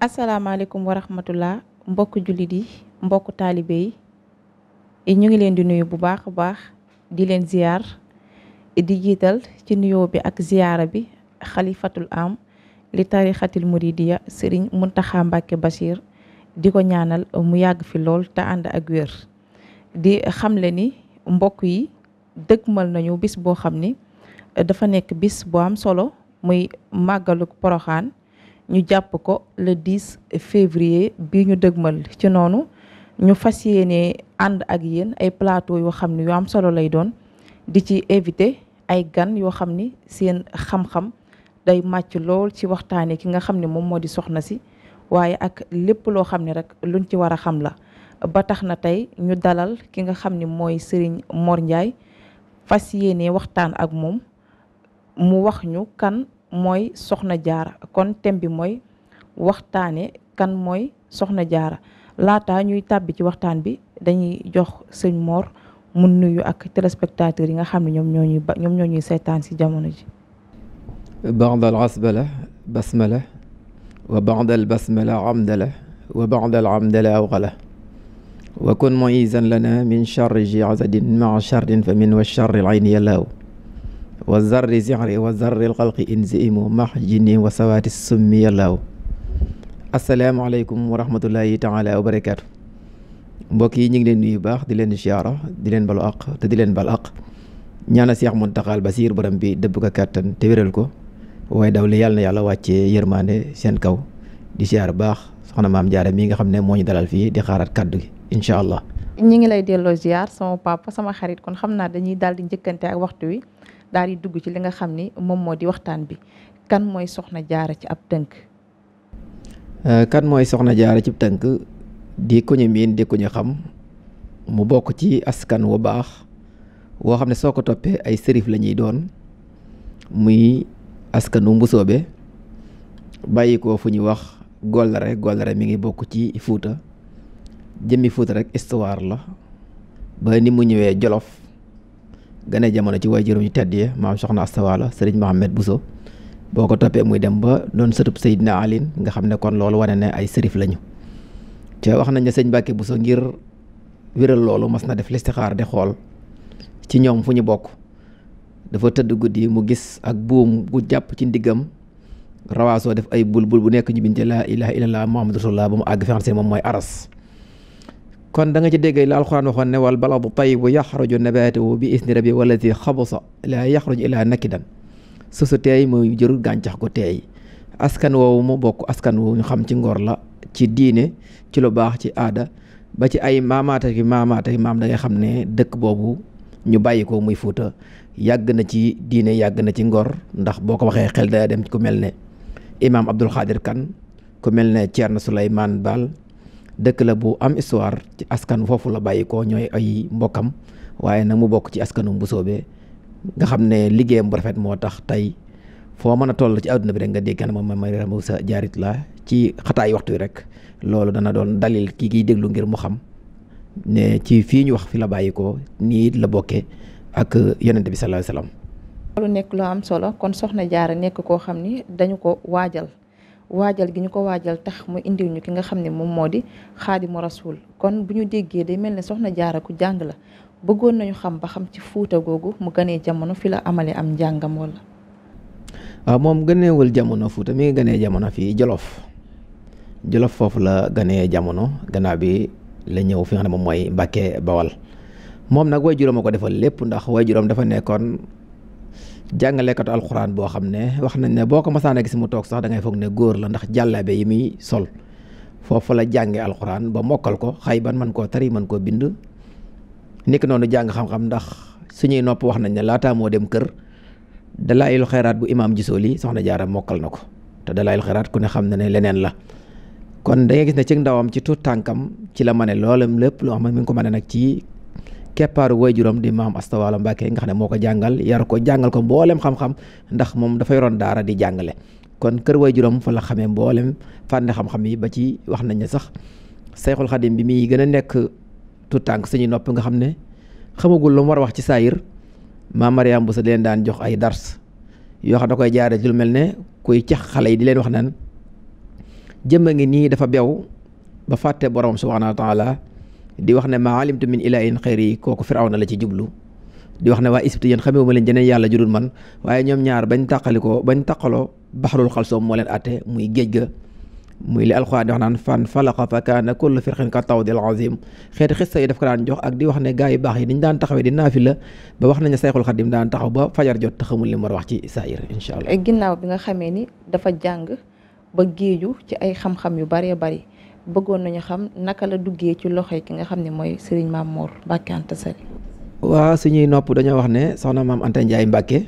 asalaamaaleykum wa rahmatullah mbokk jullit yi mbokk taalibe yi eh, ñu ngi leen di nuyu bu baax a baax di leen ziar eh, di jiital ci nuyoo bi ak ziara bi xalifatul am li tarixatil muridiya sëriñ Muntaxa Mbàkke Bachir di ko ñaanal mu yàgg fi lool te ànd ak wér di xamle ni mbokk yi dëgmal nañu bis boo xam ni eh, dafa nekk bis bu am solo muy màggalu poroxaan ñu jàpp ko le 10 février bi ñu dëgmal ci noonu ñu fas yéene ànd ak yéen ay plateau yoo xam ne yoo am solo lay doon di ci invité ay gan yoo xam ni seen xam-xam day màcc lool ci waxtaanee ki nga xam ne moom moo di soxna si waaye ak lépp loo xam ni rek luñ ci war a xam la ba tax na tey ñu dalal ki nga xam ni mooy Serigne Mor fas yéene waxtaan ak moom mu wax ñu kan mooy soxna jaara kon thème bi mooy waxtaane kan mooy soxna jaara laata ñuy tàbbi ci waxtaan bi dañuy jox sëñ Mor mu nuyu ak téléspectateurs yi nga xam ne ñoom ñoo ñuy ba ñoom ñoo ñuy seetaan si jamono ji baadal asbala basmala wa baadal basmala amdala wa baadal amdala awqala wa kun muizan lana min charri jiazadin maa charrin fa min wa charri al ayni yalaaw wa zarri zixri wa zarri lxalqi in ziimu max jinni wa sawaati summi yàllaaw asalaamaaleykum wa rahmatullahi taala wa barakaatu mbokk yi ñu ngi leen nuyu baax di leen siyaara di leen balu aq te di leen bal aq ñaana Seex Muntaxal Basiir baram bi dëbb ko kàttan te wéral ko waaye daw li yàlla na yàlla wàccee yërmaande seen kaw di siyaar baax soxna maam jaara mii nga xam ne moo ñu dalal fii di xaaraat kàddu gi incha allah. ñi ngi lay delloo xarit kon xam naa dañuy daal di njëkkante ak wi. daal di dugg ci li nga xam ni moom moo di waxtaan bi kan mooy soxna jaara ci ab tënk. Euh, kan mooy soxna jaara ci tënk di ku ñu miin di ku ñu xam mu bokk ci askan wu baax woo xam ne soo ko toppee ay sërif la ñuy doon muy askanu mbusoobe bàyyi ko fu ñuy wax gollare gollare mi ngi bokk ci fuuta jëmmi fuuta rek histoire la ba ni mu ñëwee jolof gane jamono ci way juróom yu tedd yi maam soxna astawaala sëriñ Mohamed Bousso boo ko toppee muy dem ba doon sëtub Seydina Ali nga xam ne kon loolu wane ne ay sërif lañu te wax nañ ne sëñ Mbàkke Bousso ngir wéral loolu mas na def listixaar di xool ci ñoom fu ñu bokk dafa tëdd guddi mu gis ak buum bu jàpp ci ndiggam rawaasoo def ay bul bul bu nekk ñu binte laa ilaha illallah muhammadu rasulullah ba mu àgg fi xam ne moom mooy aras kon da nga ci dégg la alxuraan waxoon ne wal baladu tayibu yaxruju nabaatuhu bi isni rabbi walladi xabusa laa yaxruju ilaa nakidan su su teey mooy jëru gàncax gu teey askan woowu mu bokk askan wu ñu xam ci ngoor la ci diine ci lu baax ci aada ba ci ay maamaate ki maamaate ki maam dangay xam ne dëkk boobu ñu bàyyi ko muy fuuta yàgg na ci diine yàgg na ci ngor ndax boo ko waxee xel daa dem ku mel ne imaam Abdul Xaadir Kan ku mel ne Ceerno Suleymaan Baal dëkk la bu am histoire ci askan foofu la bàyyi ko ñooy ay mbokkam waaye nag mu bokk ci askanu Mbusoobe nga xam ne liggéeyam bu rafet moo tax tey foo mën a toll ci àdduna bi rek nga dégg ne moom mooy Mariama Bousso Diarit la ci xataay waxtu rek loolu dana doon dalil kii kiy déglu ngir mu xam ne ci fii ñu wax fi la bàyyi ko nii la bokkee ak yonent bi sallallahu alayhi wasallam loolu nekk lu am solo kon soxna jaara nekk koo xam ni dañu ko waajal waajal gi ñu ko waajal tax mu indiw ñu ki nga xam ne moom moo di xaadimu rasul kon bu ñu déggee day mel ne soxna jaara ku bëggoon nañu xam ci fuuta googu mu gënee jamono fi la amalee am njàngam wala. waaw ah, moom jamono fuuta mi ngi gënee jamono fii jolof jolof foofu la gënee jamono gannaaw bi la ñëw fi nga xam moom mooy Mbàkke Bawal moom nag waajuram a ko defal lépp ndax waajuram dafa nekkoon. jàngalekatu alxuraan boo xam ne wax nañ ne boo ko masaana gis mu toog sax dangay foog ne góor la ndax jàllabe yi muy sol foofu la jànge alxuraan ba mokkal ko xay ban man koo tari man koo bind nekk noonu jàng xam-xam ndax suñuy nopp wax nañ ne laataa moo dem kër dalaayil xayraat bu imaam Jisooli soxna Jaara mokkal na ko te dalaayil xayraat ku ne xam na ne leneen la kon da gis ne ci ndawam ci tuut tànkam ci la ma ne loolam lépp loo xam ne mi ngi ko mën a nag ci keppaaru juróom di maam Astawaalo Mbàkke nga xam ne moo ko jàngal yar ko jàngal ko mboolem xam-xam ndax moom dafa yoroon daara di jàngale kon kër juróom fa la xamee mboolem fànn xam-xam yi ba ci wax nañ ne sax Sayxul Xadim bi muy gën a nekk tout tànk suñu nopp nga xam ne xamagul lu war a wax ci saayir maam Mariam bu sa leen daan jox ay dars yoo xam da koy jaare ci lu mel ne kuy cax xale yi di leen wax naan jëmm a ngi nii dafa bew ba fàtte borom subhaanahu wa taala di wax ne maa alimtu min ilahin xayri kooku firawna la ci jublu di wax ne waa Égypte yéen xamewuma leen jeneen yàlla judul man waaye ñoom ñaar bañ tàqalikoo bañ taqaloo baxarul xalsoom moo leen atte muy géej ga muy li alxuraan di wax naan fan falaqa fa kaana kullu firqin ka tawdil azim xeeti xista yi daf ko daan jox ak di wax ne gaa yu baax yi niñ daan taxawee di naafi la ba wax nañu sayxul xadim daan taxaw ba fajar jot te xamul li mu war wax ci saayir incha allah eh, ginnaaw bi nga xamee ni dafa jàng xam yu bëree bëri bëggoon nañu xam naka la duggee ci loxo yi ki nga xam ne mooy sëriñ maam moor Mbacke Anta Sali. waaw suñuy nopp dañoo wax ne soxna maam Anta Ndiaye Mbacke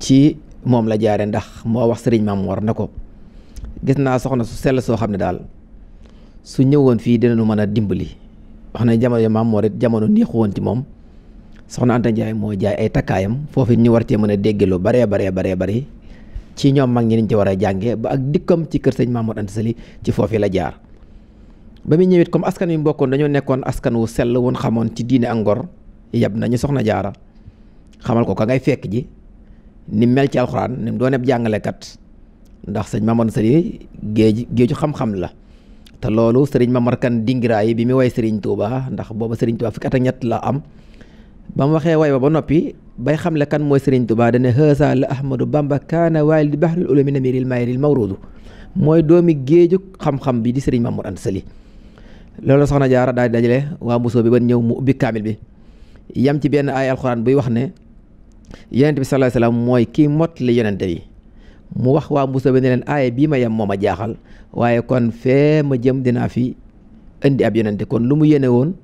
ci moom la jaare ndax moo wax sëriñ maam Mor na ko gis naa soxna su sell soo xam ne daal su ñëwoon fii dinañu mën a dimbali. wax na jamono yi maam Mor it jamono neexu woon ci moom soxna Anta Ndiaye moo jaay ay takkaayam foofu ñu war cee mën a dégg lu baree baree baree bari ci ñoom mag ñi niñ ci war a jàngee ba ak dikkam ci kër sëñ Mamour Anta Sali ci foofu la jaar ba muy ñëwit comme askan wi mbokkoon dañoo nekkoon askan wu sell woon xamoon ci diine ak ngor yab nañu soxna jaara xamal ko ka ngay fekk ji ni mel ci alxuraan ni mu doon jàngale kat ndax sëñ Mamour Anta Sali géej géeju xam-xam la te loolu sëriñ Mamar Kan dingiraay bi muy way sëriñ Touba ndax booba sëriñ Touba fukki at ñett laa am ba mu waxee way ba noppi bay xamle kan mooy Serigne Touba dane xësa la Ahmadou Bamba kaana waayil di bahrul ulumi namiril mayril mawrudu mooy doomi géeju xam-xam bi di Serigne Mamour Anta Sali loolu soxna jaara daal di dajale waa Mbuso bi ban ñëw mu ubbi kaamil bi yam ci benn ay alxuraan buy wax ne yonent bi sallallahu alayhi wasallam mooy kii mot li yonente bi mu wax waa Mbuso bi ne leen aaya bii ma yem moo ma jaaxal waaye kon fee ma jëm dinaa fi indi ab yonente kon lu mu yéene woon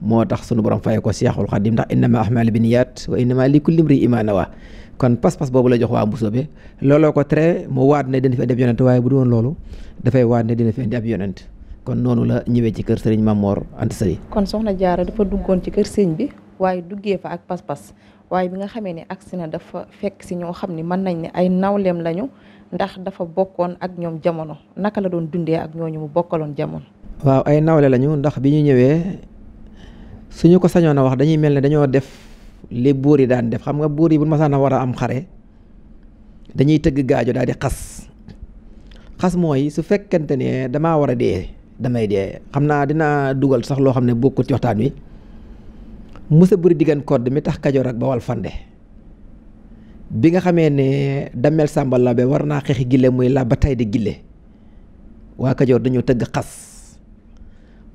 moo tax sunu borom faye ko seexul xadim ndax innama ahmal bi niyaat wa innama li kulli mri imaana waa kon pas-pas boobu la jox waa mbusoobe looloo ko tere mu waat ne dina fi indi ab yonent waaye bu ne dina fi indi ab yonent kon noonu la na ne mën nañ ne ay nawleem ndax dafa bokkoon ak ñoom jamono naka la doon dundee ak ñooñu mu bokkaloon jamono. ay nawle lañu ndax bi ñu ñëwee suñu ko sañoon a wax dañuy mel ni dañoo def li buur yi daan def xam nga buur yi bu masaan a war a am xare dañuy tëgg gaajo daa di xas xas mooy su fekkente ne damaa war a dee damay dee xam naa dinaa dugal sax loo xam ne bokkut ci waxtaan wi musa buri diggan kodd mi tax kajoor ak bawal fande bi nga xamee ne damel sàmba la labe war naa xeexi gille muy la ba tay di gille waa kajoor dañoo tëgg xas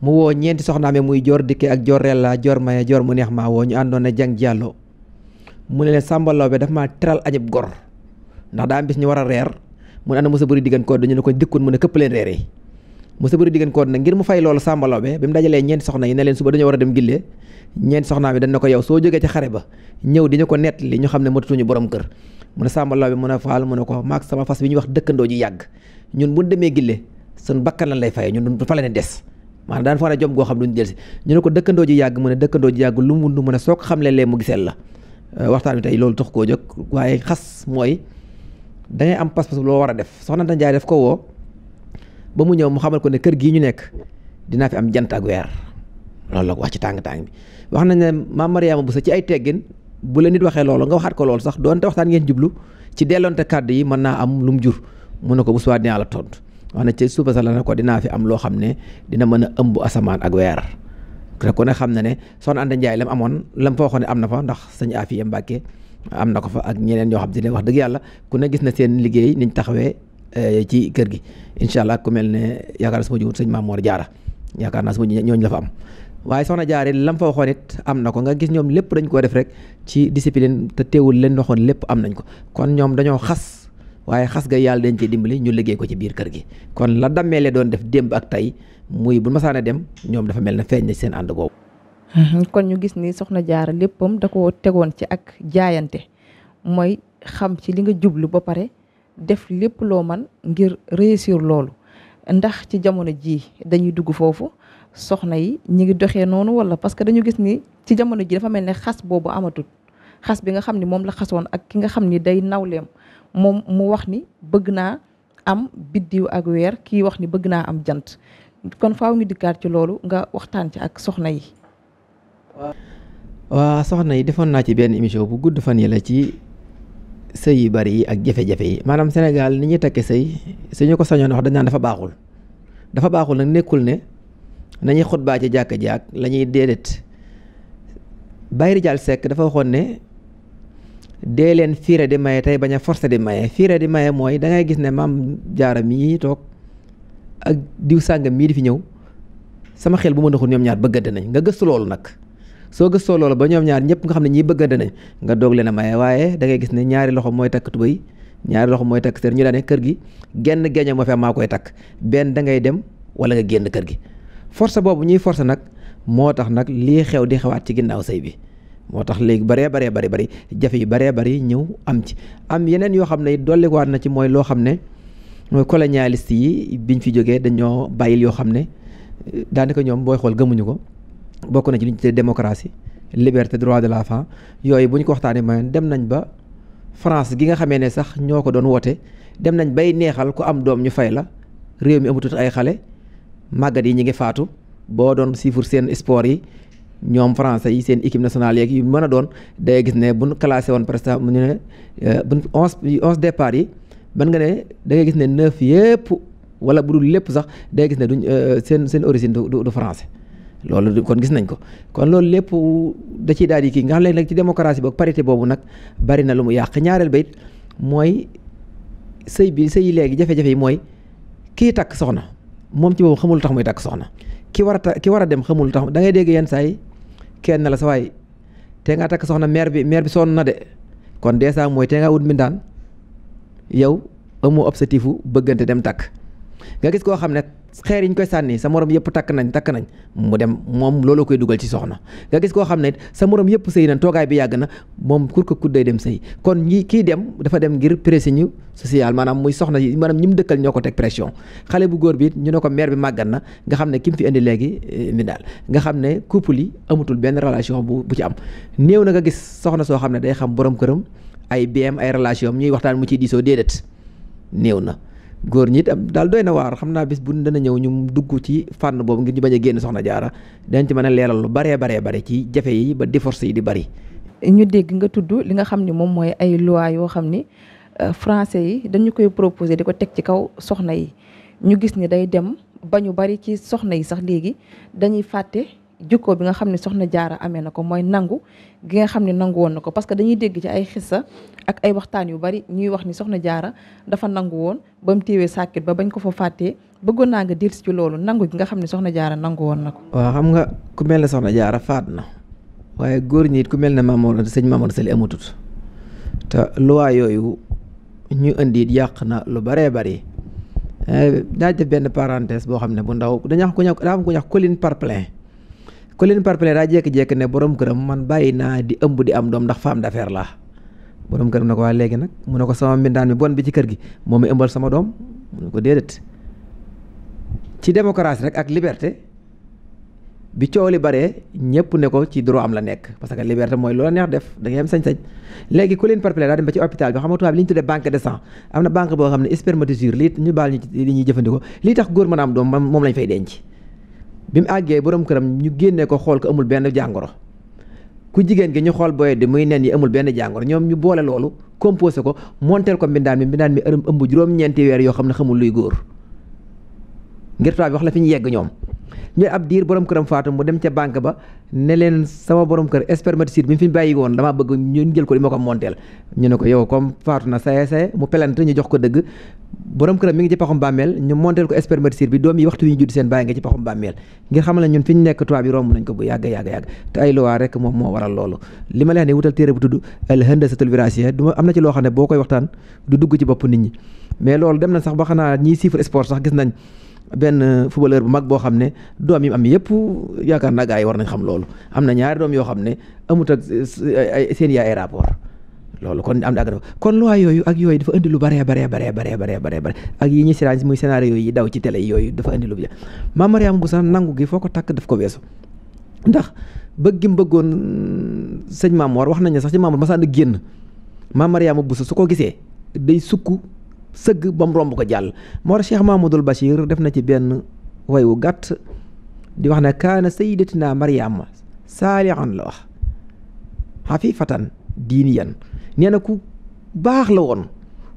mu woo ñeenti soxnaame muy joor dikke ak joor rella joor maye joor mu neex maa woo ñu àndoon na jang jàlloo mu ne leen Samba Laobé dafa maa teral añub gor ndax daa am ñu war a reer mu ne ana Moussa Boury Digane Codé dañu ne ko dëkkoon mu ne këpp leen reer yi Moussa Boury Digane ngir mu fay loolu Samba Laobé bi mu dajalee ñeenti soxna yi ne leen suba dañoo war a dem gillee ñeenti soxnaa bi dañ na ko yow soo jógee ci xare ba ñëw di ñu ko nett li ñu xam ne matatuñu borom kër mu ne Samba Laobé mu ne faal mu ne ko maag sama fas bi ñuy wax dëkkandoo ji yàgg ñun bu demee gille sun bakkan lan lay faye ñun du fa la ne des maanaam daan fa war a jom goo xam duñ jël si ñu ne ko dëkkandoo ji yàgg mu ne dëkkandoo ji yàgg lu mu mu ne soo ko xamle lee mu giseel la euh, waxtaan bi tey loolu tax koo jóg waaye xas mooy da am pas-pas loo war a def soxna Anta def ko woo ba mu ñëw mu xamal ko ne kër gii ñu nekk dinaa fi am jant ak weer loolu la wax ci tàng-tàng bi wax nañ ne maam Mariama bu sax ci ay teggin bu la nit waxee loolu nga waxaat ko loolu sax doonte waxtaan ngeen jublu ci delloonte kàdd yi mën naa am lu mu jur mu ne ko bu suwaa dinaa la tontu wax na ci suba sa la ne ko dinaa fi am loo xam ne dina mën a ëmb asamaan ak weer te ku ne xam na ne soxna Anta Ndiaye lam amoon lam fa waxoon ne am na fa ndax sëñ Afiya Mbàkke am na ko fa ak ñeneen ñoo xam ne wax dëgg yàlla ku ne gis na seen liggéey niñ taxawee eh, ci kër gi incha allah ku mel ne yaakaar na su ma jiwut sëñ Mamoor Jaara yaakaar naa su ma ñooñu la fa am waaye soxna Jaara lam fa waxoon it am na ko nga gis ñoom lépp dañ koo def rek ci discipline te teewul leen waxoon lépp am nañ ko kon ñoom dañoo xas waaye xas ga yàlla dañ ci dimbali ñu liggéey ko ci biir kër gi kon la dammeele doon def démb ak tey muy bu masaanee dem ñoom dafa mel ne feeñ ni seen ànd boobu. Mhm, kon ñu gis nii soxna jaara léppam da ko tegoon ci ak jaayante mooy xam ci li nga jublu ba pare def lépp loo man ngir réussir loolu ndax ci jamono ji dañuy dugg foofu soxna yi ñu ngi doxee noonu wala parce que dañu gis ni ci jamono ji dafa mel ne xas boobu amatul xas bi nga xam ni moom la xasoon ak ki nga xam ni day nawleem moom mu wax ni bëgg naa am biddiw ak weer kiy wax ni bëgg naa am jant kon faaw ñu dikkaat ci loolu nga waxtaan ci ak soxna yi. waa soxna yi defoon naa ci benn émission bu gudd fan yi la ci sëy yu bari yi ak jafe-jafe yi maanaam Sénégal ni ñuy takke sëy su ñu ko sañoon wax dañ dafa baaxul dafa baaxul nag nekkul ne nañuy xutbaa ci jàkka jaak lañuy ñuy déedéet Bayri Jaal Seck dafa waxoon ne. dee leen fiire di maye tey bañ a forcé di maye fiire di maye mooy dangay gis ne maam jaara mii toog ak diw sàngam mii di fi ñëw sama xel bu ma doxul ñoom ñaar bëggante nañ nga gëstu loolu nag soo gëstoo loolu ba ñoom ñaar ñëpp nga xam ne ñii bëggante nañ nga doog leen a maye waaye dangay gis ne ñaari loxo mooy takk tubéy ñaari loxo mooy takk sër ñu daane kër gi genn geeño moo fi am maa koy takk benn dangay dem wala nga génn kër gi force boobu ñuy force nag moo tax nag lii xew di xewaat ci ginnaaw sëy bi moo tax léegi baree bare bari bari jafe yu baree bari ñëw am ci am yeneen yoo xam ne dollikuwaat na ci mooy loo xam ne mooy colonialiste yi biñ fi jógee dañoo bàyyil yoo xam ne daanaka ñoom booy xool gëmuñu ko bokk na ci liñ tuddee démocratie liberté droit de la l'enfant yooyu bu ñu ko waxtaanee mooy dem nañ ba France gi nga xamee ne sax ñoo ko doon woote dem nañ bay neexal ku am doom ñu fay la réew mi amatut ay xale màggat yi ñu ngi faatu boo doon siifur seen sport yi. ñoom français yi seen équipe nationale yeeg yu mën a doon day gis ne bu nu classé woon par exemple ñu ne euh, bu onze onze départ yi mën nga ne dangay gis ne neuf yëpp wala bu dul lépp sax day gis ne duñ euh, seen seen origine du france français loolu kon gis nañ ko kon loolu lépp da ciy daal di kii nga xam ne nag ci démocratie boog parité boobu nag bari na lu mu yàq ñaareel ba mooy sëy bi sëy yi léegi jafe-jafe yi mooy kii takk soxna moom ci boobu xamul tax muy takk soxna ki war a ta ki war a dem xamul tax da ngay dégg yenn saa kenn la sa te ngaa takk soxna mère bi mère bi sonn na de kon dèjà mooy te ngaa wut mbindaan yow amoo objectif bëggante dem takk nga gis koo xam ne xeer yi ñu koy sànni sa morom yëpp takk nañ takk nañ mu dem moom loolu koy dugal ci soxna nga gis koo xam ne sa moroom yëpp sëy nañ toogaay bi yàgg na moom kur ko kudday dem sëy kon ñi kii dem dafa dem ngir pression sociale maanaam muy soxna yi maanaam ñi mu dëkkal ñoo ko teg pression xale bu góor bi ñu ne ko mère bi màggat na nga xam ne ki fi indi léegi eh, mi daal nga xam ne couple yi amatul benn relation bu bu ci am néew na nga gis soxna soo xam ne day xam borom këram ay BM ay relation ñuy waxtaan mu ciy diisoo déedéet néew na góor ñii itam daal doy na waar xam naa bis bu dana ñëw ñu dugg ci fànn boobu ngir ñu bañ a génn soxna jaara dañ ci mën a leeral lu baree baree bari ci jafe yi ba divorce yi di bari. ñu dégg nga tudd li nga xam ne moom mooy ay loi yoo xam ni euh, français yi dañu koy proposé di ko teg ci kaw soxna yi ñu gis ni day dem ba ñu bari ci soxna yi sax léegi dañuy fàtte. jikko bi nga xam ne soxna jaara amee na ko mooy nangu gi nga xam ne nangu woon na ko parce que dañuy dégg ci ay xissa ak ay waxtaan yu bari ñuy wax ni soxna jaara dafa nangu woon ba mu téewee sàkkit ba bañ ko fa fàttee bëggoon naa nga delsi ci loolu nangu gi nga xam ne soxna jaara nangu woon na ko xam nga ku mel ne soxna jaara faat na waaye góor ñi ku mel ne Mamadou sëñ Mamadou Sali amatut te luwaa yooyu ñu indi it yàq na lu baree bari eh, daa def benn parenthèse boo xam ne bu ndaw dañu wax ku ñax daa am ku ñax colline par ku leen parpale daa jékki-jékki ne borom këram man bàyyi naa di ëmb di am doom ndax femme d'affaires laa borom këram na ko waa léegi nag mu ne ko sama mbindaan mi bon bi ci kër gi moo mi ëmbal sama doom mu ne ko déedéet ci démocratie rek ak liberté bi coow li baree ñëpp ne ko ci droit am la nekk parce que liberté mooy loola neex def da ngay am sañ-sañ léegi ku leen parpale daa dem ba ci hôpital bi xam nga li ñu tuddee banque de sang am na banque ne spermatisure lii ñu baal li tax góor mën a am doom moom lañ fay denc bi mu àggee borom këram ñu génnee ko xool ko amul benn jàngoro ku jigéen gi ñu xool booy di muy nen yi amul benn jàngoro ñoom ñu boole loolu composé ko monteel ko mbindaan mi mbindaan mi ërëm ëmb juróom-ñeenti weer yoo xam ne xamul luy góor ngir tubaab bi wax la fi ñu yegg ñoom ñu ab diir borom këram faatu mu dem ca banque ba ne leen sama borom kër spermaticide bi mu fi bàyyi woon dama bëgg ñun jël ko di ma ko monteel ñu ko yow comme jox ko dëgg borom këram mi ngi ci paxum bàmmeel ñu monteel ko spermaticide bi doom yi waxtu wi ñu judd seen bàyyi nga ci paxum bàmmeel ngir xamal ne ñun fi ñu nekk tubaab bi romb nañ ko bu yàgg yàgg yàgg te ay luwaa rek moom moo waral loolu li ma leen ne wutal téere bu tudd al handasatul wiraasiya du am na boo koy waxtaan du dugg ci loolu dem na sax ba xanaa ñiy chiffre sport benn euh, footballeur bu mag boo xam ne doom yi am yëpp yaakaar naa gars yi war nañ xam loolu am na ñaari doom yoo xam ne amut ak euh, seen yaay ay rapport loolu kon am na kon loi yooyu ak yooyu dafa indi lu baree baree baree baree baree baree baree ak yi ñuy siraan muy scénario yi daw ci télé yooyu dafa indi lu bi Mame Mariama Bousso nangu gi foo ko takk daf ko weesu ndax bëgg gi mu bëggoon sëñ Mamoor wax nañ ne sax ci Mamoor ma sànn génn Mame Mariama Bousso su ko gisee day sëgg ba mu romb ko jàll moo tax Cheikh Mahmoudul Bachir def na ci benn way wu gàtt di wax ne kaana sayyidatina Maryama saalihan la wax xafifatan diiniyan nee na ku baax la woon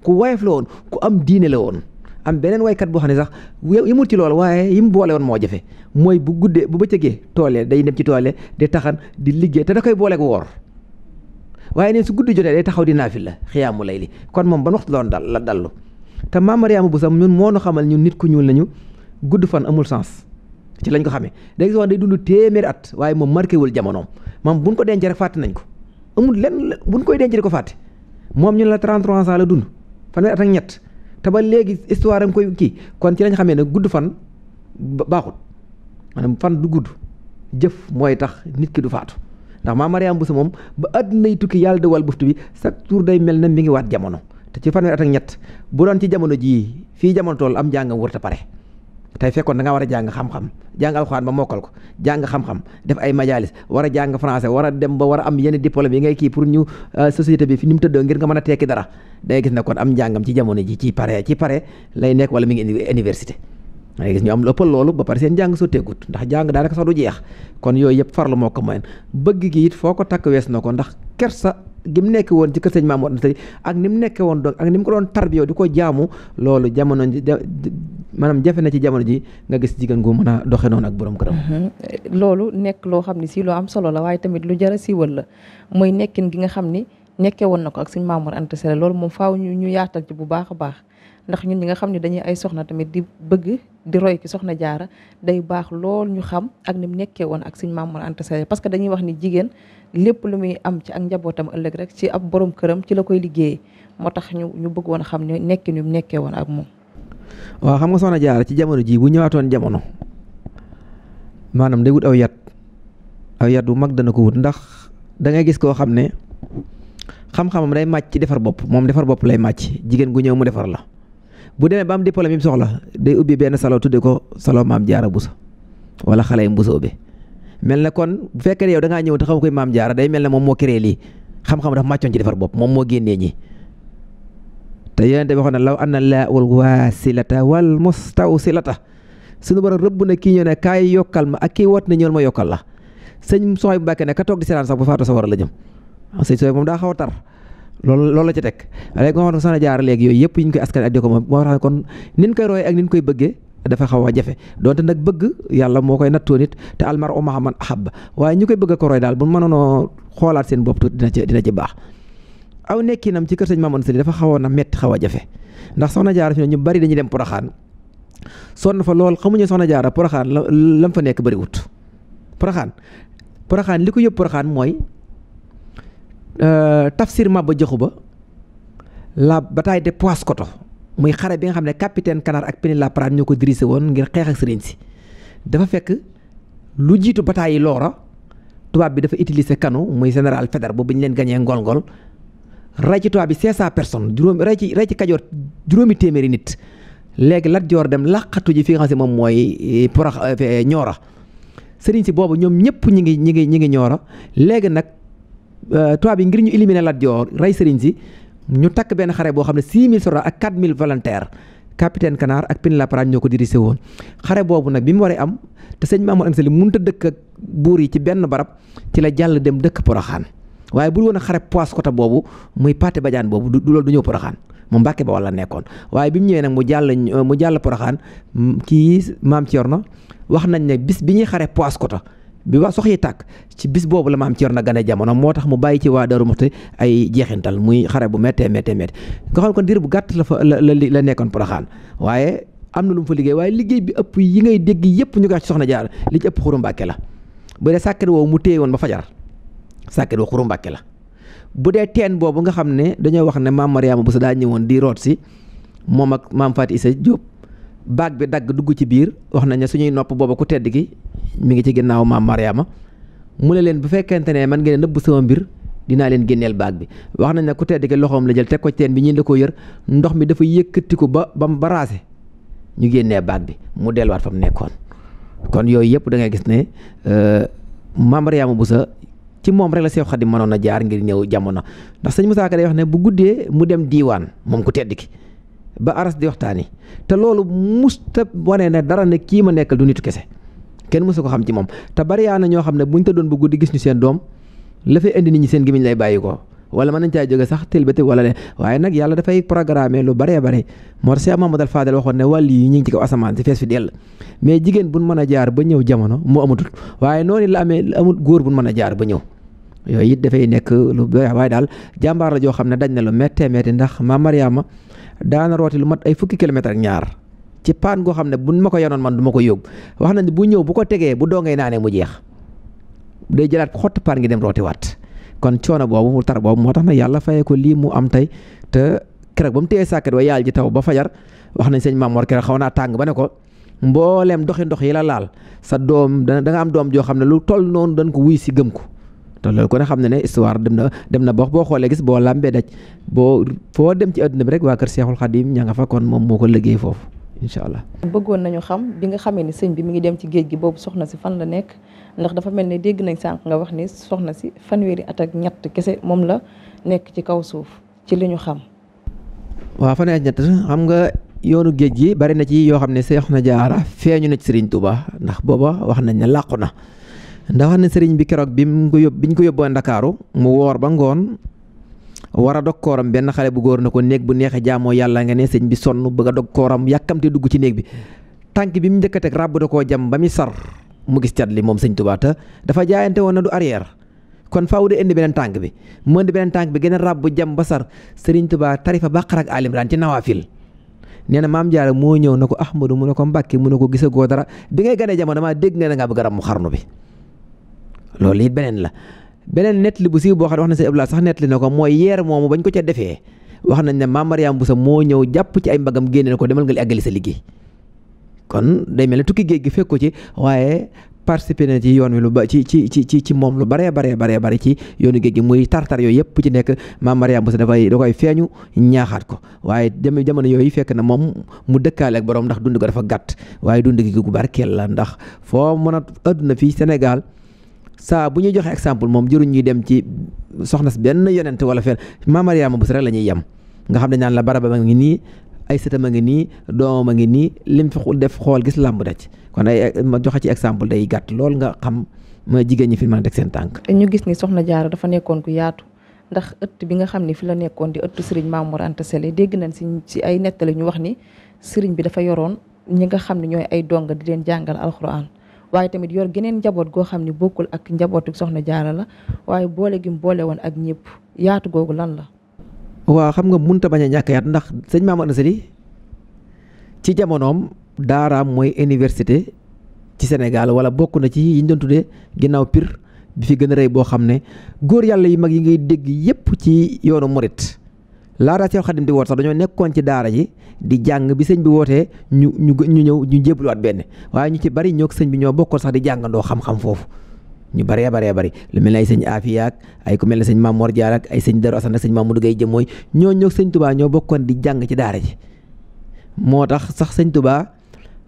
ku woyof la woon ku am diine la woon am beneen waykat boo xam ne sax yëmul ci lool waaye yim boole woon moo jafe mooy bu guddee bu bëccëgee toole day dem ci toole di taxan di liggéey te na koy booleeg woor waaye neen su guddi jotee day taxaw di naafil la xiyaamu layli kon moom ban waxtu la woon la dallu te maam bu sam ñun moo na xamal ñun nit ku ñuul nañu gudd fan amul sens ci lañ ko xamee da ngay day dund téeméeri at waaye moom marqué wul jamonoom maam buñ ko denc rek fàtte nañ ko amul lenn buñ koy denc di ko fàtte moom ñun la 33 ans la dund fanweeri at ñett te ba léegi histoire am koy kii kon ci lañ xamee ne gudd fan baaxut maanaam fan du gudd jëf mooy tax nit ki du faatu. ndax maam Mariama Bousso moom ba àddunay tukki yàlla de wal buftu bi chaque jour day mel na mi ngi waat jamono te ci fanweeri at ak ñett bu doon ci jamono jii fii jamono tool am njàngam wërta pare tey fekkoon da nga war a jàng xam-xam jàng alxuraan ba ko jàng xam-xam def ay majalis war a jàng français war a dem ba war am yenn di diplôme yi ngay kii pour ñu euh, société bi fi ni mu tëddoo ngir nga mën a tekki dara day gis ne kon am njàngam ci jamono ji ci pare ci pare lay nekk wala mi ngi université dangay gis ñu am lëppal loolu ba pare seen jàng soo tegut ndax jàng daanaka sax du jeex kon yooyu yëpp farlu moo ko moyen bëgg gi it foo ko takk wees ko ndax kersa gi mu nekk woon ci kër sëñ Mamour Anta ak ni mu nekkee woon donc ak ni mu ko doon tarbiyoo di ko jaamu loolu jamono ji maanaam jafe na ci jamono ji nga gis jigéen gu mën a doxe noonu ak borom këram. Mhm. loolu nekk loo xam ne si loo am solo la waaye tamit lu jar a siiwal la mooy nekkin gi nga xam ni nekkee woon na ko ak sëñ Mamour Anta Sall loolu moom faaw ñu ñu yaatal ci bu baax baax. ndax ñun ñi nga xam ne dañuy ay soxna tamit di bëgg di roy ki soxna jaara day baax lool ñu xam ak ni mu nekkee woon ak suñ Maam Mor Anta parce que dañuy wax ni jigéen lépp lu muy am ci ak njabootam ëllëg rek ci ab borom këram ci la koy liggéeyee moo tax ñu ñu bëgg woon xam ne nekki ni mu nekkee woon ak moom. waaw xam nga soxna jaara ci jamono jii bu ñëwaatoon jamono maanaam day wut aw yat aw yat bu mag dana ko wut ndax da ngay gis koo xam ne xam-xamam day màcc ci defar bopp moom defar bopp lay màcc jigéen gu ñëw mu defar la. bu demee ba am diplôme yi mu soxla day ubbi benn salon tudde ko salon maam jaara busa wala xale yi busa ubbi mel na kon bu fekkee yow da ngaa ñëw te xaw koy maam jaara day mel ne moom moo créé lii xam-xam dafa màccoon ci defar bopp moom moo génnee ñi te yonente bi waxoon na law anna laa wal waasilata wal mustawsilata suñu borom rëbb na kii ñëw ne kaay yokkal ma ak kii wat na ñëwal ma yokkal la sëñ Soxay bu Mbàkke ne ka toog di seetaan sax bu sa war la jëm ah, moom daa xaw a tar loolu loolu la ci teg léegi moo xam ne jaar léegi yooyu yëpp yi ñu koy askan ak di ko moom moo tax kon nin koy royee ak nin koy bëggee dafa xaw a jafe donte nag bëgg yàlla moo koy nattoo nit te almar uma man ahab waaye ñu koy bëgg a ko roy daal bu mënoonoo xoolaat seen bopp dina ci dina ci baax aw nekkinam ci kër sëñ Mamoon Sëli dafa xawoon a métti xaw a jafe ndax soxna jaara fi ne ñu bari dañuy dem poroxaan sonn fa lool xamuñu soxna jaara poroxaan la lam fa nekk bariwut poroxaan poroxaan li ko yëpp poroxaan mooy Euh, tafsir Maba ba la bataille de Paoskoto muy xare bi nga xam ne capitaine Canard ak Pinet-Laprade ñoo ko dirigé woon ngir xeex ak sëriñ si dafa fekk lu jiitu bataille yi Loora tubaab bi dafa utiliser kanu muy général Faidherbe boobu ñu leen gañee ngol ngool rey ci tubaab bi 500 personnes juróomi rey ci rey ci Kajoor juróomi téeméeri nit léegi Lat Joor dem làqatu ji fi nga xam si moom mooy eh, porax ñoora eh, sëriñ si boobu ñoom ñëpp ñi ngi ñi ngi ñoora léegi nag Euh, tubaab bi ngir ñu éliminer Lat Joor rey sëriñ si ñu takk benn xare boo xam ne 6000 soldats ak mil volontaires capitaine Canard ak Pine Laprade ñoo ko dirigé woon. xare boobu nag bi mu waree am te sëñ Mamour Anta Sali mënut a dëkk buur yi ci benn barab ci la jàll dem dëkk Poroxaan waaye bu woon na xare poise côté boobu muy Paté Badiane boobu du loolu du ñëw Poroxaan mu Mbàkke ba wala nekkoon waaye bi mu ñëwee nag mu jàll mu jàll Poroxaan kii maam Thierno wax nañ ne bis bi ñuy xare poise côté bi wax sox yi tàkk ci bis boobu la maam Cerno gane jamono moo tax mu bàyyi ci waa Daaru Muxti ay jeexintal muy xare bu mettee méttee méttee nga xam kon bu gàtt la fa la la nekkoon Poroxaan waaye am na lu mu fa liggéey waaye liggéey bi ëpp yi ngay dégg yëpp ñu koy wax ci soxna jaar li ci ëpp xuru Mbàkke la bu dee sàkket woowu mu téye woon ba fajar sàkket woowu xuru la bu dee teen boobu nga xam ne dañoo wax ne maam Mariama bu sa daa ñëwoon di root si moom ak maam Faati Isa Jóob baag bi dagg dugg ci biir wax nañ suñuy nopp booba ku tedd mi ngi ci ginnaaw maam Mariama mu ne leen bu fekkente ne man ngeen nëbb sama mbir dinaa leen génneel baag bi wax nañ ne ku tedd ki loxoom la jël teg ko teen bi ñu la ko yër ndox mi dafa yëkkati ko ba ba mu baraase ñu génnee baag bi mu delluwaat fa mu nekkoon. kon yooyu yëpp da ngay gis ne euh, maam bu sa ci moom rek la Seex Xaadim mënoon a jaar ngir ñëw jamono ndax sëñ Moussa Ka wax ne bu guddee mu dem diiwaan moom ku tedd ki. ba aras di waxtaani te loolu musta wane ne dara ne kii ma nekkal du nitu kese kenn mësu ko xam ci moom te bariyaa na ñoo xam ne buñ ta doon bu guddi gis ñu seen doom la fay indi nit ñi seen gémmiñ lay bàyyi ko wala mën nañ caa jóge sax tilbati wala le waaye nag yàlla dafay programme lu bare bare moo mor Cheikh Mamadou Fadel waxoon ne wàll yi ñu ngi ci kaw asamaan si fees fi dell mais jigéen bu mën a jaar ba ñëw jamono mu amatul waaye noonu la amee amul góor buñ mën a jaar ba ñëw yooyu it dafay nekk lu waaye daal jàmbaar joo xam ne daj na lu méttee métti ndax ma Mariama lu mat ay fukki kilomètre ak ñaar ci paan goo xam ne bu buñ ma ko yenoon man du ma ko yóbbu wax nañ bu ñëw bu ko tegee bu doongee naanee mu jeex day jëlaat xotti paan ngi dem waat kon coono boobu mu tar boobu moo tax na yàlla fayee ko lii mu am tey te keroog ba mu téye sàkket wa yàlla ji taw ba fajar wax nañ sëñ Mamoor keroog xaw naa tàng ba ne ko mbooleem doxi ndox yi la laal sa doom da nga am doom joo xam ne lu toll noonu dañ ko wuy si gëm ko te loolu ko ne xam ne ne histoire dem na dem na boo boo xoolee gis boo làmbee daj boo foo dem ci waa kër Seexul Xadim ña nga kon moom moo ko liggéey foofu incha allah. bëggoon nañu xam bi nga xamee ni sëñ bi mi ngi dem ci géej gi boobu soxna si fan la nekk ndax dafa mel ne dégg nañ sànq nga wax ni soxna si fanweeri at ak ñett kese moom la nekk ci kaw suuf ci li ñu xam. waaw fanweeri ñett xam nga yoonu géej gi bari na ci yoo xam ne Soxna Jaara feeñu na ci Serigne ndax booba wax nañ ne làqu na ndax wax na Serigne bi keroog bi mu ko yób ko yóbbuwoon Ndakaaru mu woor ba ngoon. war a dog kooram benn xale bu góor na ko néeg bu neexee jaamoo yàlla nga ne sëñ bi sonn bëgg a dog kooram yàkkamte dugg ci néeg bi tànk bi mu njëkk a teg ràbb da koo jam ba muy sar mu gis cat li moom sëñ dafa jaayante woon na du arrière kon faaw de indi beneen tànk bi mu indi beneen bi gën a ràbb jam ba sar sëriñ Tuubaa tarifa Baqara ak Aali Imraan ci nawaafil nee na maam Jaara moo ñëw na ko Ahmadu mu ne ko Mbàkke mu ne ko gisagoo dara bi ngay ganee jamono damaa dégg nga ne ngaa bëgg a ràmm xarnu bi loolu it beneen la beneen nettali bu siiw boo xam ne wax na sëñ Abdoulaye sax nettali na ko mooy yeer moomu bañ ko ca defee wax nañ ne maam bu Bousso moo ñëw jàpp ci ay mbagam génne ko demal nga li àggali sa liggéey kon day mel ne tukki géej gi fekk ko ci waaye participé na ci yoon wi lu ba ci ci ci ci ci moom lu baree baree baree bari ci yoonu géej gi muy tartar yooyu yëpp ci nekk maam Mariam Bousso dafay da koy feeñu ñaaxaat ko waaye jamono yooyu fekk na moom mu dëkkaale ak borom ndax dund ko dafa gàtt waaye dund gi gu barkeel la ndax foo mën a àdduna fii Sénégal saa bu ñuy joxee exemple moom jëruñ ñuy dem ci soxna si benn yonent wala fenn maa Mariama Bousso rek la ñuy yem nga xam ne naan la baraba ma ngi nii ay sëtam a ngi nii doomam a ngi nii lim fi def xool gis làmb daj kon ay ma joxe ci exemple day gàtt lool nga xam ma jigéen ñi fi mën a seen tànk. ñu gis ni soxna Jaara dafa nekkoon ku yaatu ndax ëtt bi nga xam ne fi la nekkoon di ëtt Serigne Mamour Anta Sele dégg nañ si si ay nettali ñu wax ni Serigne bi dafa yoroon ñi nga xam ne ñooy ay dong di leen jàngal alxuraan waaye tamit yor geneen njaboot goo xam ne bokkul ak njabootu soxna jaara la waaye boole gi mu boole woon ak ñëpp yaatu googu lan la. waaw xam nga mënut a bañ a ñàkk ndax sëñ Maam Anna Sali ci jamonoom daaraam mooy université ci Sénégal wala bokk na ci yi ñu doon tuddee ginnaaw pir bi fi gën a rëy boo xam ne góor yàlla yi mag yi ngay dégg yépp ci yoonu Morit. laataa Seex Xaadim di woot sax dañoo nekkoon ci daara ji di jàng bi sëñ bi wootee ñu ñu ñu ñëw ñu jébbaluwaat benn waaye ñu ci bari ñoo sëñ bi ñoo bokkoon sax di jàngandoo xam-xam foofu ñu bare bare bari lu mel ne ay sëñ Afiya ak ay ku mel ne sëñ Maam Mor Jaar ak ay sëñ Daru Asan ak sëñ Mamadou Gay jëm mooy ñoo ñoo sëñ Tubaa ñoo bokkoon di jàng ci daara ji moo tax sax sëñ Tubaa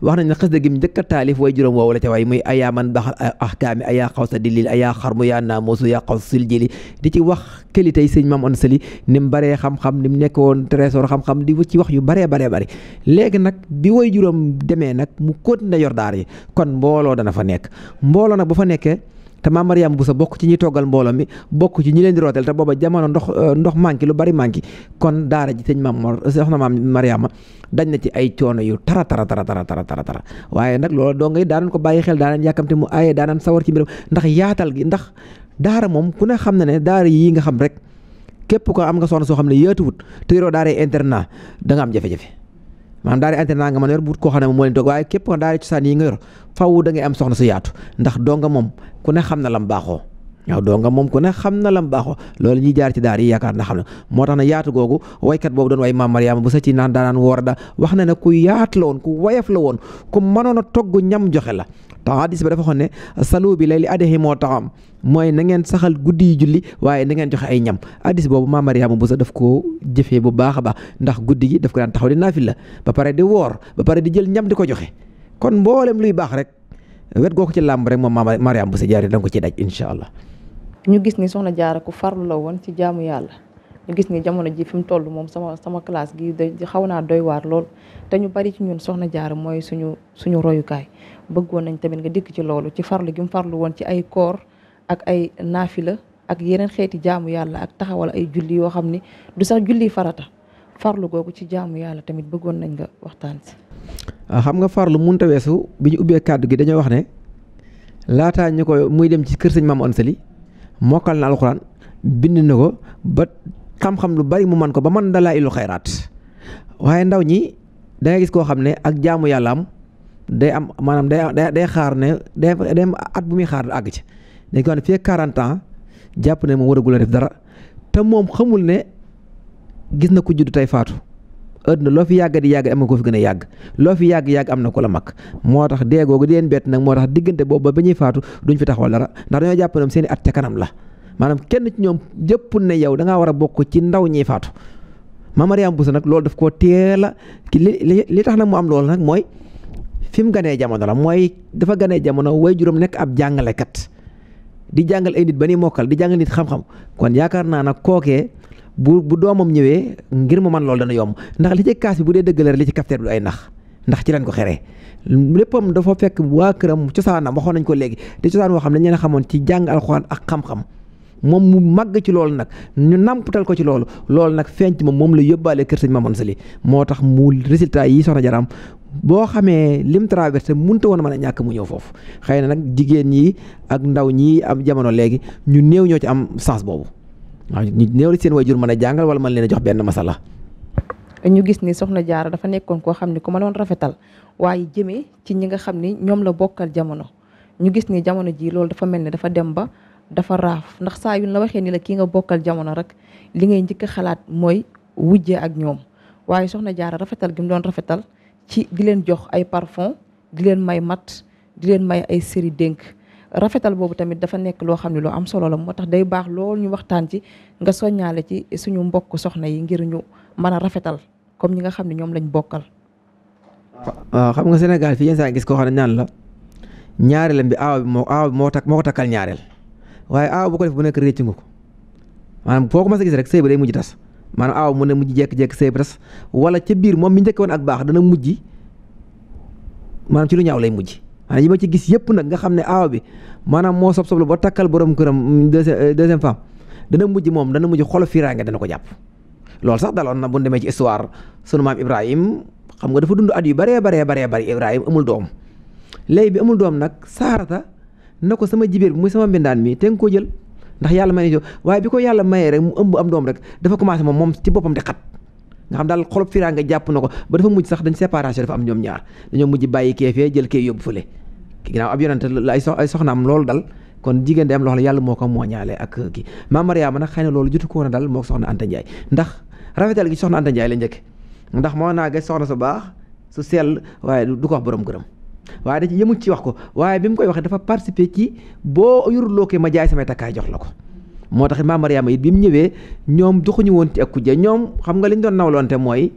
wax nañ ne xasida gi njëkk a taalif way juróom woowu la ca waay muy ayaa man baxal ahkaami ayaa xawsa dilil ayaa xarmu yaa naamusu yaa xawsa siljili di ci wax këlitay sëñ Maam Oune Sali ni mu baree xam-xam ni mu nekk woon trésor xam-xam di ci wax yu baree baree bëri léegi nag bi way juróom demee nag mu kot yor daar yi kon mbooloo dana fa nekk mbooloo nag bu fa nekkee te maam bu sa bokk ci ñi toggal mbooloo mi bokk ci ñi leen di rooteel te booba jamono ndox euh, ndox manqué lu bari manqué kon daara ji sëñ maam Mor soxna maam Mariama dañ na ci ay coono yu tara tara tara tara tara tara tara waaye nag loolu doo ngay daanan ko bàyyi xel daanan yàkkamte mu aaye daanan sawar ci mbiram ndax yaatal gi ndax daara moom ku ne xam na ne daara yii nga xam rek képp ko am nga soxna soo xam ne yaatuwut te daara daaree internat da nga am jafe maanaam daara internat nga mën yor bu koo xam ne moo leen toog waaye képp ko daara cosaan yi nga yor faaw da am soxna su yaatu ndax donga moom ku ne xam na lam baaxoo waaw donga moom ku ne xam na lam baaxoo loolu ñuy jaar ci daa yi yaakaar na xam na moo tax na yaatu googu waykat boobu doon way maam Mariama bu sa ci naan daanaan woor da wax na ne ku yaat la woon ku wayaf la woon ku mënoon a togg ñam joxe la te hadis ba dafa xoon ne salu bi layli adehi moo taxam mooy na ngeen saxal guddi yi julli waaye na ngeen joxe ay ñam hadis boobu maa bu Busa daf koo jëfee bu baax a baax ndax guddi gi daf ko daan taxaw di la ba pare di woor ba pare di jël ñam di ko joxe kon mboolem luy baax rek wet goo ko ci làmb rek moom ma maa Mariama Busa jaare danga ko ci daj incha allah. ñu gis ni soxna jaara ku farlu la woon ci jaamu yàlla. ñu gis ni jamono ji fi mu toll moom sama sama classe gi xaw naa doy waar lool te ñu bari ci ñun soxna jaar mooy suñu suñu royukaay bëggoon nañ tamit nga dikk ci loolu ci farlu gi mu farlu woon ci ay koor ak ay naafi la ak yeneen xeeti jaamu yàlla ak taxawal ay julli yoo xam ni du sax julli farata farlu googu ci jaamu yàlla tamit bëggoon nañ nga waxtaan si. Ah, xam nga farlu mënut a weesu bi ñu ubbee kàddu gi dañoo wax ne laataa ñu ko muy dem ci kër sëñ Maam Ansali mokkal na alxuraan bind na ko ba xam-xam lu bari mu man ko ba man dalaa ilu xayraat waaye ndaw ñi da gis koo xam ne ak jaamu yàlla am day am maanaam day day xaar ne day am at bu muy xaar àgg ci dañ ko wax ne fii 40 ans jàpp ne moom waragul a def dara te moom xamul ne gis na ku judd tey faatu àdduna loo fi yàgg di yàgg am na ko fi gën yàgg loo fi yàgg yàgg am na ko la mag moo tax dee googu di bett nag moo tax diggante boobu ba ba ñuy faatu duñ fi taxawal dara ndax dañoo seen i at ca kanam la maanaam kenn ci ñoom jëpp ne yow da war a bokk ci ndaw ñiy faatu Mame Mariama Bousso nag loolu daf koo teel a li li tax nag mu am loolu nag mooy. fi mu ganee jamono la mooy dafa ganee jamono way juróom nekk ab jàngale kat di jàngal ay nit ba ni mokkal di jàngal nit xam-xam kon yaakaar naa nag kookee bu bu doomam ñëwee ngir mu man loolu dana yomb ndax li ci kaas bi bu dee dëgg li ci cafetière bi du ay nax ndax ci lañ ko xeree léppam dafa fekk waa këram cosaanam waxoon nañ ko léegi te cosaan woo xam ne dañ leen xamoon ci jàng alxuraan ak xam-xam moom mu màgg ci loolu nag ñu nàmputal ko ci loolu loolu nag feeñ ci moom moom la yóbbaale kër sëñ Mamoon Sali moo tax mu résultat yi soxna jaram boo xamee lim traversé mënta woon a mën a ñàkk mu ñëw foofu xëy na nag jigéen ñi ak ndaw ñi am jamono léegi ñu néew ñoo ci am sens boobu waaw ñu néew la seen wayjur mën a jàngal wala mën leen jox benn masala ñu gis ni soxna Jaara dafa nekkoon koo xam ne ku mënoon rafetal waaye jëmee ci ñi nga xam ni ñoom la bokkal jamono ñu gis ni jamono ji loolu dafa mel ni dafa dem ba dafa raaf ndax saa yu la waxee ni la kii nga bokkal jamono rek li ngay njëkk a xalaat mooy wujjee ak ñoom waaye soxna Jaara rafetal gi mu doon rafetal ci di leen jox ay parfum di leen may mat di leen may ay série dénk rafetal boobu tamit dafa nekk loo xam ne loo am solo la moo tax day baax loolu ñu waxtaan ci nga soññaale ci suñu mbokk soxna yi ngir ñu mën a rafetal comme ñi nga xam ne ñoom lañ bokkal. xam nga Sénégal fii yenn saa gis koo xam ne naan la ñaareelam bi aaw bi moo aaw bi moo tak moo ko takkal ñaareel waaye aaw bu ko def bu nekk réccu nga ko maanaam foo ko mas a gis rek sëy ba day mujj maanaam aaw mun ne mujj jekk-jekk sëy ba tas wala ca biir moom mi njëkk woon ak baax dana mujj maanaam ci lu ñaaw lay mujj maanaam yi ma ci gis yëpp nag nga xam ne aaw bi maanaam moo sob sob la ba takkal borom këram mm, euh, deuxième femme dana mujj moom dana mujj xolo fiiraange dana ko jàpp loolu sax daloon na bu ñu demee ci histoire sunu maam Ibrahim xam nga dafa dund at yu baree baree bare bari Ibrahim amul doom léegi bi amul doom nag saarata na ko sama jibéer muy sama mbindaan mi te nga koo jël ndax yàlla may nañu waaye bi ko yàlla mayee rek mu ëmb am doom rek dafa commencé moom moom ci boppam di xat nga xam daal xolob firaa jàpp na ko ba dafa mujj sax dañ séparation dafa am ñoom ñaar dañoo mujj bàyyi kee fee jël kee yóbbu fële ki ginnaaw ab yonente la ay soxna ay loolu dal kon jigéen day am loo ne yàlla moo ko moo mooñaale ak kii maam Mariama na xëy na loolu jotu ko woon dal moo soxna Anta Ndiaye ndax rafetal gi soxna Anta Ndiaye la njëkk ndax moo naa ga soxna su baax su sell waaye du ko borom gërëm waaye da ci yemul ci wax ko waaye bi mu koy waxee dafa participer ci boo yoruloo ko ma jaay samay takkaay jox la ko moo tax maam Mariama it bi mu ñëwee ñoom joxuñu woon ci ak kujje ñoom xam nga li ñu doon nawlonte mooy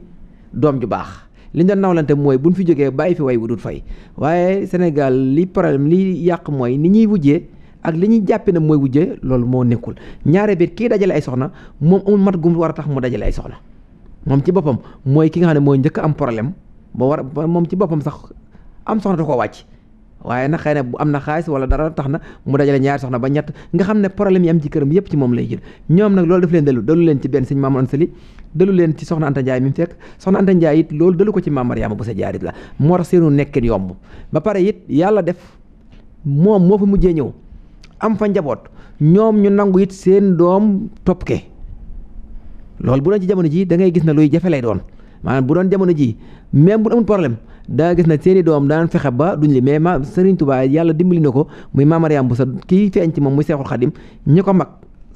doom ju baax li ñu doon nawlante mooy bu buñ fi jógee bàyyi fi way wu dul fay waaye Sénégal li problème li yàq mooy ni ñuy wujje ak li ñuy jàppe na mooy wujjee loolu moo nekkul ñaare biir kii dajale ay soxna moom amul mat gum war a tax mu dajale ay soxna moom ci boppam mooy ki nga xam ne mooy njëkk am problème ba war moom ci boppam sax am soxna da ko wàcc waaye nag xëy na bu am na xaalis wala dara tax na mu dajale ñaari soxna ba ñett nga xam ne problème yi am ci këram yëpp ci moom lay jël ñoom nag loolu daf leen dellu dalu leen ci benn sëñ Maam Anta Sali leen ci soxna Anta Ndiaye mi mu fekk soxna Anta Ndiaye it loolu dalu ko ci Maam Mariama bu sa jaarit la moo tax seenu nekkin yomb ba pare it yàlla def moom moo fa mujjee ñëw am fa njaboot ñoom ñu nangu it seen doom topp ke loolu bu doon ci jamono ji da ngay gis ne luy jafe lay doon maanaam bu doon jamono jii même bu amul daa gis na seeni doom daan fexe ba duñ li mais ma Serigne Touba yàlla dimbali na ko muy Mame bu sa kii feeñ ci moom muy Seexul Xadim ñi ko mag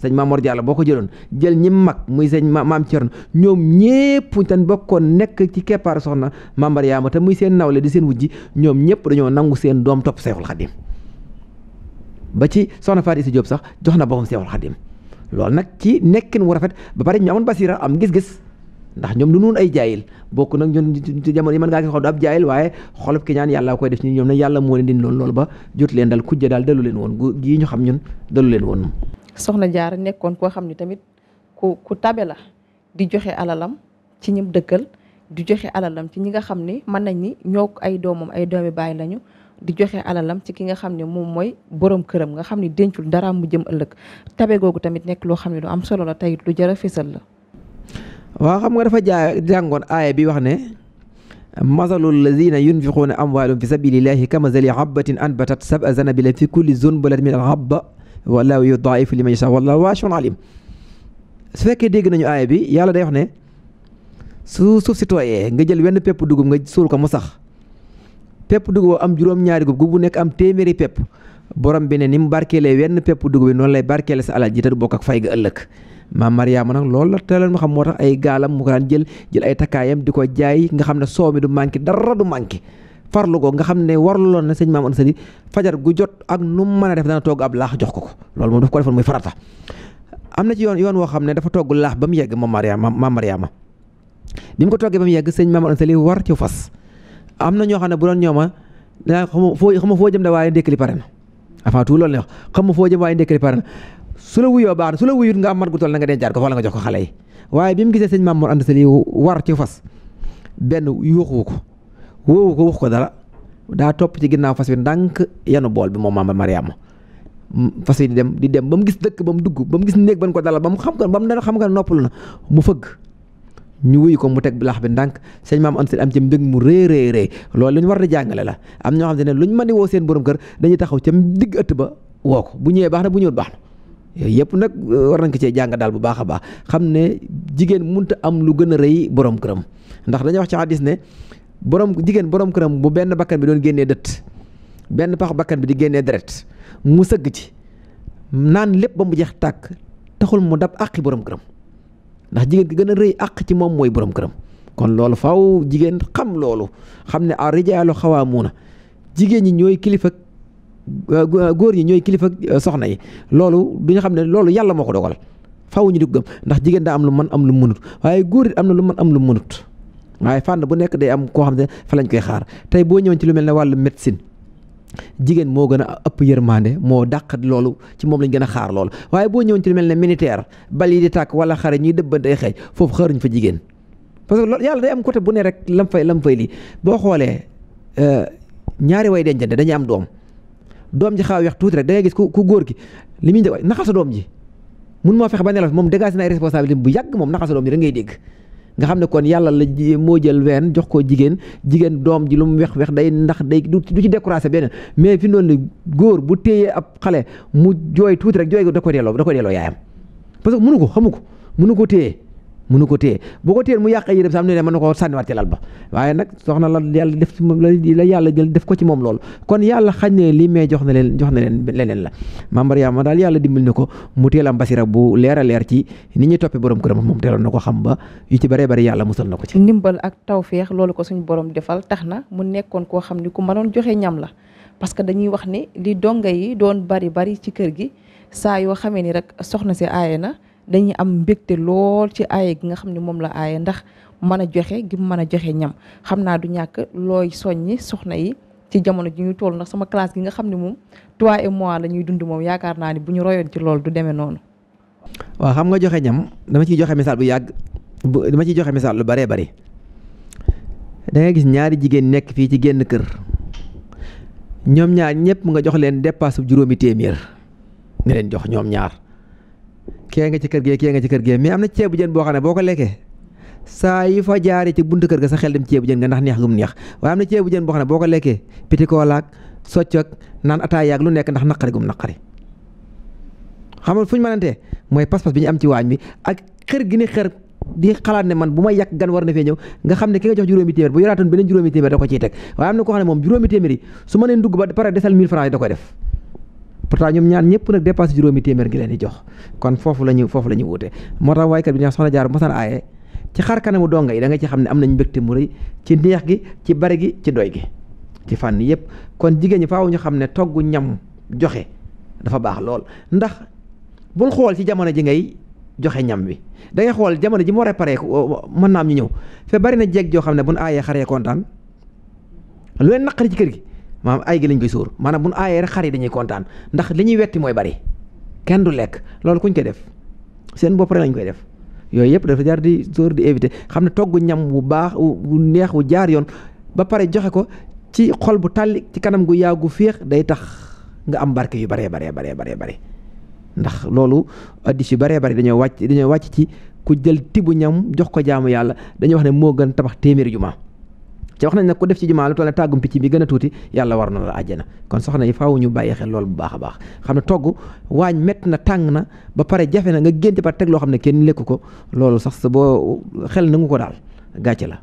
sëñ Mame Mor boo ko jëloon jël ñi mag muy sëñ maam Thierno ñoom ñëpp tan bokkoon nekk ci keppaaru soxna Mame Mariama te muy seen nawle di seen wujji ñoom ñëpp dañoo nangu seen doom topp Seexul Xadim ba ci soxna Fatou Issa sax jox na boppam Seexul Xadim loolu nag ci nekkin wu rafet ba pare ñu amoon basira am gis-gis ndax ñoom du nuun ay jaayil bokk nag ñun ci jamono yi mën ngaa gis xol ab jaayil waaye xolub ki yàlla koy def ñi ñoom nag yàlla moo leen din loolu loolu ba jot leen dal kujje daal dalu leen woon gii ñu xam ñun dalu leen woon soxna Jaara nekkoon koo xam ne tamit ku ku tabe la di joxe alalam ci ñim dëkkal di joxe alalam ci ñi nga xam ni mën nañ ni ñoo ay doomam ay doomi bàyyi lañu di joxe alalam ci ki nga xam ne moom mooy borom këram nga xam ne dencul dara mu jëm ëllëg tabe googu tamit nekk loo xam ne lu am solo la tey lu jar a fésal la waa xam nga dafa jaa jàngoon aaya bi wax ne masalu lazina yunfiquuna amwaalum fi sabilillahi kamasali habbatin anbatat sab'a zanabila fi kulli zunbulatin min alhabba wallahu yudaa'ifu liman yashaa wallahu waasi'un aliim su fekkee dégg nañu aaya bi yàlla day wax ne su suuf si tooyee nga jël wenn pepp dugub nga suul ko mu sax pepp dugub am juróom-ñaari gub bu nekk am téeméeri pepp borom bi ne ni mu barkeelee wenn pepp dugub bi noonu lay barkeele sa alal bokk ak fay ga ëllëg maam Mariama nag loolu la teeloon mu xam moo tax ay gaalam mu ko daan jël jël ay takkaayam di ko jaay nga xam ne soow mi du manqué dara du manqué farlu ko nga xam ne warloon na sëñ maam Anta Sali fajar gu jot ak nu mu mën a def dana togg ab laax jox ko ko loolu moom daf ko defoon muy farata. am na ci yoon yoon woo xam ne dafa togg laax ba mu yegg maam Mariama maam Mariama bi mu ko toggee ba mu yegg sëñ maam Anta Sali war ci fas am na ñoo xam ne bu doon ñooma daa xam foo xam foo jëm da waaye ndékkali pare na avant tout loolu la xam foo jëm waaye ndékkali pare na su la wuyoo baax na su la wuyut nga am mat gu toll na nga dencaat ko fa la nga jox ko xale yi waaye bi mu gisee sëñ Maam Mor Anta Sali war ci fas benn yuuxu ko woowu ko wax ko dara daa topp ci ginnaaw fas wi ndànk yanu bool bi moom Maam Mariama fas wi di dem di dem ba mu gis dëkk ba mu dugg ba mu gis néeg ban ko dalal ba mu xam ko ba mu xam nga noppalu na mu fëgg ñu wuyu ko mu teg lax bi ndànk sëñ maam Anta Sali am ci mbég mu rëy rëy rëy loolu lu ñu war di jàngale la am ñoo xam ne luñ mën di woo seen borom kër dañuy taxaw ca digg ëtt ba woo bu ñëwee baax bu ñëwut baax yooyu yëpp nag euh, war nañ ko cee jàng daal bu baax a baax xam ne jigéen munta am lu gën a rëy boroom këram ndax dañuy wax ci hadis ne borom jigéen borom këram mu benn bakkan bi doon génnee dëtt benn pax bakkan bi di génnee deret mu sëgg ci naan lépp ba mu jeex tàkk taxul mu dab àqi borom këram ndax jigéen ki gën a rëy àq ci moom mooy boroom këram kon loolu faw jigéen xam loolu xam ne a rijaalu xawaamuuna jigéen ñi ñooy kilifa Euh, euh, góor yi ñooy kilifa euh, soxna yi loolu bi ñu xam ne loolu yàlla moo ko dogal fawuñu ñu di gëm ndax jigéen daa am lu man am lu mënut waaye góor it am na lu mën am lu mënut waaye fànn bu nekk day am koo xam ne fa lañ koy xaar tey boo ñëwoon ci lu mel ne wàllu médecine jigéen moo gën a ëpp yërmande moo dàq loolu ci moom lañ gën a xaar loolu waaye boo ñëwoon ci mel ne militaire bal yi di tàkk wala xare ñuy dëbbantey xëy foofu xaaruñ fa jigéen parce que loolu yàlla day am côté bu ne rek lam fay lam fay lii boo xoolee ñaari way dencante dañuy am doom doom ji xaw weex tuuti rek da gis ku ku góor ki li muy njëkk naxal sa doom ji mun moo fexe ba nelaw moom dégagé na ay responsabilité bu yàgg moom naxal sa doom ji rek ngay dégg nga xam ne kon yàlla la moo jël ween jox ko jigéen jigéen doom ji lu mu wex wex day ndax day du ci découragé benn mais fi noonu la góor bu téyee ab xale mu jooy tuuti rek jooy da ko delloo da ko delloo yaayam parce que ko xamu ko mënu ko téye mënu ko bu ko mu yàq ay yërëm sax am mën na ko sànniwaat ci lal ba waaye nag soxna la yàlla def ci yàlla jël def ko ci moom loolu kon yàlla xañ ne lii mais jox na leen jox na leen leneen la maam Mariama daal yàlla dimbal na ko mu teel am basira bu leer leer ci ni ñuy toppee borom këram moom teeloon na ko xam ba yu ci bëree bëri yàlla musal na ko ci ndimbal ak tawféex loolu ko suñu borom defal tax na mu nekkoon koo xam ni ku manoon joxe ñam la parce que dañuy wax ni li donga yi doon bari bari ci kër gi saa yoo xamee ni rek soxna si aaye na dañuy am mbégte lool ci aaye gi nga xam ne moom la aaye ndax mën a joxe gi mën a joxe ñam xam naa du ñàkk looy soññi soxna yi ci jamono ji ñu toll ndax sama classe gi nga xam ne moom toi et moi la ñuy dund moom yaakaar naa ni bu ñu royoon ci loolu du deme noonu. waaw xam nga joxe ñam dama ciy joxe misaal bu yàgg bu dama ci joxe misaal lu baree bari da gis ñaari jigéen nekk fii ci génn kër ñoom ñaar ñëpp nga jox leen dépasse bu juróomi téeméer nga leen jox ñoom ñaar. kee nga ci kër gee kee nga ci kër gee mais am na ceebu jën boo xam ne boo ko lekkee saa yi fa jaaree ci buntu kër ga sa xel dem ceebu jën nga ndax neex gum neex waaye am na ceebu jën boo xam ne boo ko lekkee pitikoolaak soccoog naan ataayaag lu nekk ndax naqari gum naqari xam nga fu ñu mënantee mooy pas-pas bi ñu am ci waañ bi ak xër gi ni xër di xalaat ne man bu ma yàq gan war na fee ñëw nga xam ne ki nga jox juróomi téeméer bu yoraatoon beneen juróomi ko ciy pourtant ñoom ñaan ñëpp nag dépassé juróomi téeméer ngi leen di jox kon foofu la ñu foofu la ñu wuute moo tax waaykat bi ñu soxna jaar mosaan aaye ci xar kanamu donga yi da ci xam ne am nañ mbégte mu rëy ci neex gi ci bari gi ci doy gi ci fànn yëpp kon jigéen ñi faaw ñu xam ne togg ñam joxe dafa baax lool ndax bul xool ci jamono ji ngay joxe ñam wi da xool jamono ji moo réparé mën naa am ñu ñëw fe bari na jeeg joo xam ne bu nu aayee xaree kontaan lu leen ci kër gi maanaam ay gi lañ koy sóor maanaam bu nu aayee rek xar yi dañuy kontaan ndax li ñuy wetti mooy bari kenn du lekk loolu kuñ koy def seen bopp rek lañ koy def yooyu yëpp dafa jaar di sóor di éviter xam ne togg ñam wu baax wu neex wu jaar yoon ba pare joxe ko ci xol bu tàlli ci kanam gu gu féex day tax nga am barke yu baree baree baree baree baree ndax loolu addis yu baree bari dañoo wàcc dañoo wàcc ci ku jël tibu ñam jox ko jaamu yàlla dañoo wax ne moo gën tabax téeméeri juma ci wax nañ nag ko def ci jumaa lu toll ne tàggum picc bi gën a tuuti yàlla war na la na kon soxna yi faw ñu bàyyi xel loolu bu baax a baax xam ne togg waañ mett na tàng na ba pare jafe na nga génte par teg loo xam ne kenn lekk ko loolu sax sa boo xel nangu ko daal gàcce la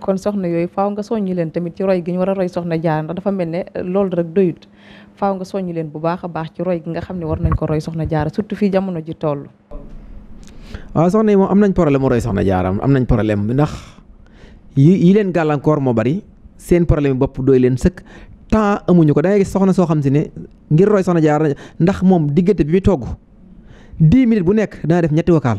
kon soxna yooyu faaw nga soññi leen tamit ci roy gi ñu war a roy soxna jaar ndax dafa mel ne loolu rek doyut faaw nga soññi leen bu baax a baax ci roy gi nga xam ne war nañ ko roy soxna jaara surtout fii jamono ji toll waaw soxna yi moom am nañ problème roy soxna jaaram am nañ problème ndax yi yi leen gàllankoor moo bari seen problème bopp dooy leen sëkk temps amuñu ko da ngay gis soxna soo xam si ne ngir roy soxna jaar ndax moom diggante bi muy togg dix minutes bu nekk dana def ñetti vocal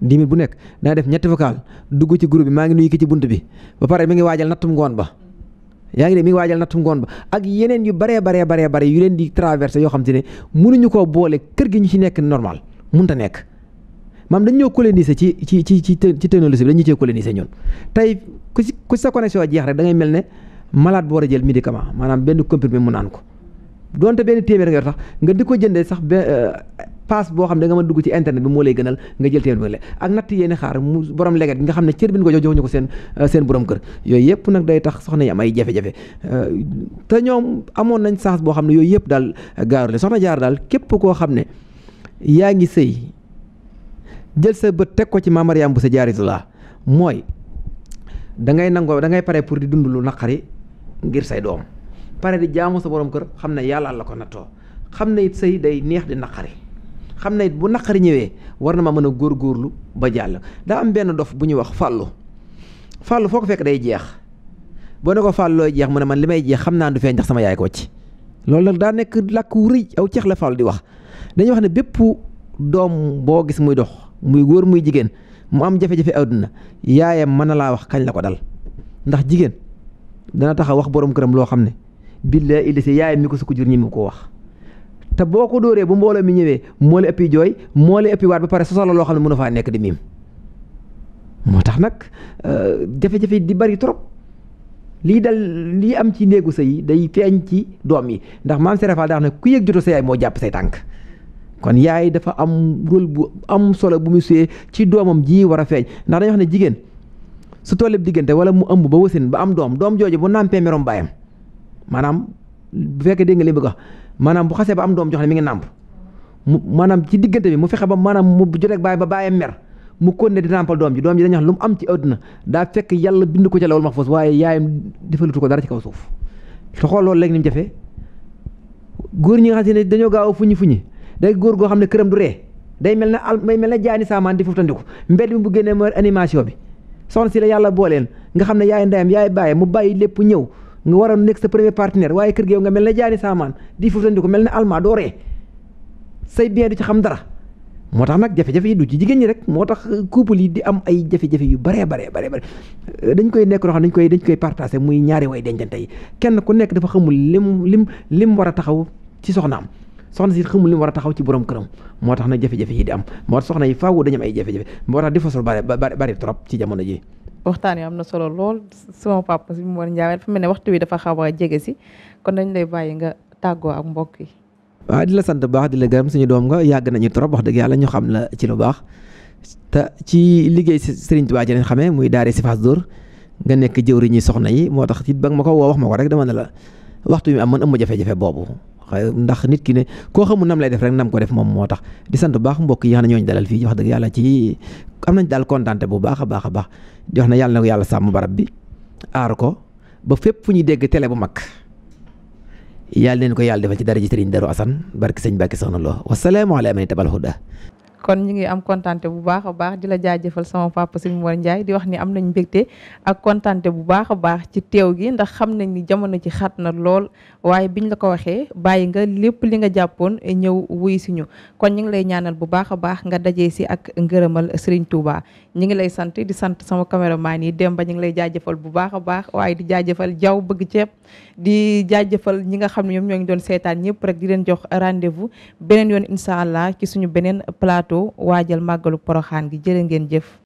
dix bu nekk dana def ñetti vocal dugg ci groupe bi maa ngi nuyu ki ci bunt bi ba pare mu ngi waajal nattum ngoon ba. yaa ngi ne mi ngi waajal nattum ngoon ba ak yeneen yu baree baree baree bare yu leen di traversé yoo xam ne mënuñu koo boole kër gi ñu ci nekk normal mënut a nekk. maam dañ ñoo coloniser ci ci ci ci technologie bi dañ ñu cee coloniser ñun tey ku si ku sa connexion jeex rek da mel ne malaat bu war a jël médicament maanaam benn comprimé mu naan ko donte benn téeméer nga yor sax nga di ko jëndee sax be euh, paas boo xam ne da nga mën dugg ci internet bi moo lay gënal nga jël téeméer bi le ak natt yéeni xaar mu borom leget bi nga xam ne cër bi ñu ko jox joxuñu ko seen euh, seen borom kër yooyu yëpp nag day tax soxna yi am ay jafe euh, te ñoom amoon nañ chance boo xam ne yooyu yëpp daal gaaru le jaar daal képp koo xam ne yaa ngi sëy jël sa bët teg ko ci Maam bu sa laa mooy da ngay nangoo da ngay pare pour di dund lu naqari ngir say doom pare di jaamu sa borom kër xam na yàllaal la ko nattoo xam na it say day neex di naqari xam na it bu naqari ñëwee war na ma mën a góor góorlu ba jàll daa am benn dof bu ñuy wax fàllu fàllu foo ko fekk day jeex boo ne ko fàllu looy jeex mu ne man li may jeex xam naa du fee ndax sama yaay koo ci loolu nag daa nekk làkk wu rëy aw ceex la fàllu di wax dañuy wax ne bépp doom boo gis muy dox muy góor muy jigéen mu am jafe-jafe àdduna yaayam mën na laa wax kañ la ko dal ndax jigéen dana tax a wax borom këram loo xam ne billaahi illisi yaayam mi ko su ko jur ñi mu ko wax te boo ko dóoree bu mbooloo mi ñëwee moo la ëppi jooy moo la ëppi waat ba pare sosal la loo xam ne mënu faa nekk di miim moo tax nag euh, jafe-jafe di bari trop lii dal lii am ci néegu sëy yi day feeñ ci doom yi ndax maam Serapha daa wax ne ku yëg joto sa yaay moo jàpp say tànk kon yaay dafa am rôle bu am solo bu muy suyee ci doomam ji war a feeñ ndax dañuy wax ne jigéen su tolleeb diggante wala mu ëmb ba wasin ba am doom doom jooju bu nàmpee merom baayam maanaam bu fekkee dégg nga li mu bëgg a maanaam bu xasee ba am doom jox ne mi ngi nàmp mu maanaam ci diggante bi mu fexe ba maanaam mu joteeg baay ba baayam mer mu kon ne di nàmpal doom ji doom ji dañuy wax lu mu am ci àdduna daa fekk yàlla bind ko ca lawul mahfuus waaye yaayam defalutu ko dara ci kaw suuf te xool loolu léegi ni jafe góor ñi ne dañoo gaaw fuñi fuñi day góor goo xam ne këram du ree day mel ne al day mel ne jaani saamaan di fuftandiku mbedd mi bu génnee mooy animation bi soxna si la yàlla booleen nga xam ne yaay ndeyam yaay bàyyi mu bàyyi lépp ñëw nga war a nekk sa premier partenaire waaye kër gi nga mel ne jaani saamaan di fuftandiku mel ne almaa doo ree say bien di ci xam dara moo tax nag jafe-jafe yi du ci jigéen ñi rek moo tax couple yi di am ay jafe-jafe yu baree baree baree bare euh, dañ koy nekk loo xam koy dañ koy partagé muy ñaari way dencante yi kenn ku nekk dafa xamul lim lim lim war a taxaw ci soxnaam soxna si xamul li mu war a taxaw ci borom këram moo tax na jafe-jafe yi di am moo tax soxna yi faaw dañu am ay jafe-jafe moo tax di fasul bari bari trop ci jamono ji waxtaan yi am na solo lool sama papa si mu war njaawee dafa mel ne waxtu wi dafa xaw a si kon dañ lay bàyyi nga tàggoo ak mbokk yi waaw di la sant baax di la gërëm suñu doom nga yàgg nañu trop wax dëgg yàlla ñu xam la ci lu baax te ci liggéey Serigne Touba ji lañ xamee muy daare si Fass nga nekk jëwriñi soxna yi moo tax it ba ma ko woo wax ma ko rek dama ne la waxtu bi am man am ma jafe-jafe boobu ndax nit ki ne koo xamu nam lay def rek nam ko def moom moo tax di sant bu baax mbokk yi nga ñooñ ne ñooñu dalal fii wax dëgg yàlla ci am nañ daal kontaante bu baax a baax a baax di wax ne yàlla na ko yàlla sàmm barab bi aar ko ba fépp fu ñuy dégg télé bu mag yàlla neen ko yàlla defal ci dara ji asan Darou Assane barki sëñ Bakki soxna Lo wasalaamaaleykum tabal huda kon ñu ngi am kontante bu baax a baax di la jaajëfal sama papa Serigne Mor Ndiaye di wax ni am nañ mbégte ak kontante bu baax a baax ci teew gi ndax xam nañ ni jamono ci xat na lool waaye biñ la ko waxee bàyyi nga lépp li nga jàppoon ñëw wuy si kon ñu ngi lay ñaanal bu baax a baax nga dajee si ak ngërëmal Serigne Touba ñu ngi lay sant di sant sama caméraman yi ba ñu ngi lay jaajëfal bu baax a baax waaye di jaajëfal jaww bëgg ceeb di jaajëfal ñi nga xam ne ñoom ñoo ngi doon seetaan ñëpp rek di leen jox rendez-vous beneen yoon incha allah ki suñu beneen plateau waajal màggalu poroxaan gi jërë ngeen jëf